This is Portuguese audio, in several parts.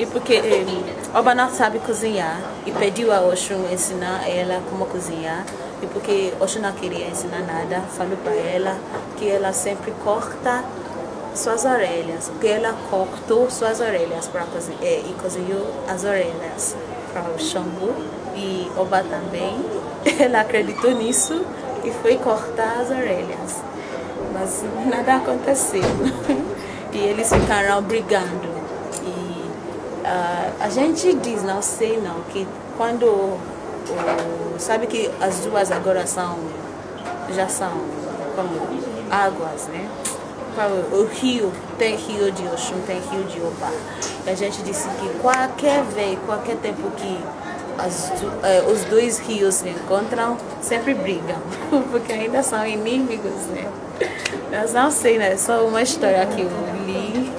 E porque eh, oba Obana sabe cozinhar e pediu a Oxum ensinar ela como cozinhar. E porque Oxum não queria ensinar nada, falou para ela que ela sempre corta suas orelhas, porque ela cortou suas orelhas para cozinhar eh, e cozinhou as orelhas para o Xangô e Oba também. Ela acreditou nisso e foi cortar as orelhas, mas nada aconteceu e eles ficaram brigando. Uh, a gente diz, não sei não, que quando. Uh, sabe que as duas agora são. já são como águas, né? O rio, tem rio de Oxum, tem rio de Oba. A gente disse que qualquer vez, qualquer tempo que as, uh, os dois rios se encontram, sempre brigam, porque ainda são inimigos, né? Mas não sei, né? Só uma história que eu li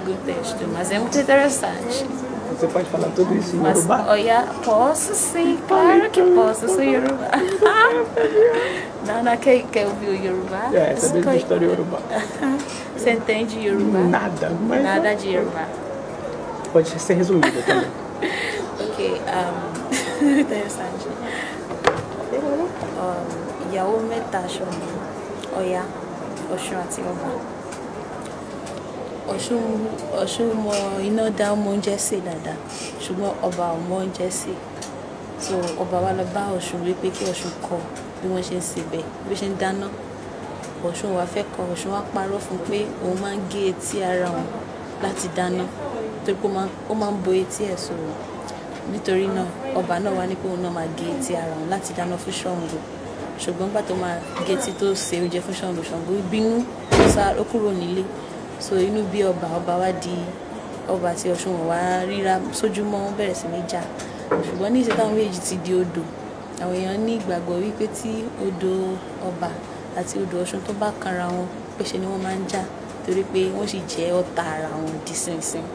o texto, mas é muito interessante. Você pode falar tudo isso em mas, Olha, posso sim, claro que posso, sou Não, não quer, quer ouvir o Yorubá? É, essa é a história Yorubá. Você entende Yorubá? Nada, mas... Nada é de Yorubá. Pode ser resumida também. ok, um, interessante. Uhum. Um, Yaume Tashomu, Oya, Oshun Atiomá. ọ̀ṣun mọ iná dá mọ oúnjẹ sè dáadáa ṣùgbọ́n ọba ò mọ oúnjẹ sè so ọba wa lọ bá ọ̀ṣun wípé kí ọ̀ṣun kọ́ bí wọ́n ṣe ń sebẹ̀ bí wọ́n ṣe ń dáná ọ̀ṣun wa fẹ́ kọ́ ọ̀ṣun wa parọ́ fún pé òun máa ń gé etí ara òun láti dáná torí pé ó máa ń bo etí ẹ̀ sọ̀rọ̀ nítorí náà ọba náà wá ní pé òun náà máa gé etí ara òun láti dáná fún Ṣàngó ṣùgbọ́n gbà tó máa gé etí tó ṣe oúnjẹ fún Ṣàngó Ṣàngó bínú ó kúrò nílé so inú bí ọba ọba wa di ọba tí ọ̀ṣun wà ríra sójúmọ́ wọn bẹ̀rẹ̀ sí ní jà ṣùgbọ́n ní ìṣe táwọn méjì ti di odò àwọn èèyàn ní ìgbàgbọ́ wípé tí odò ọba àti odò ọ̀ṣun tó bá kanra wọn pèsè ni wọ́n máa ń jà torí pé wọ́n sì jẹ́ ọ̀tá ara wọn di sínsìn.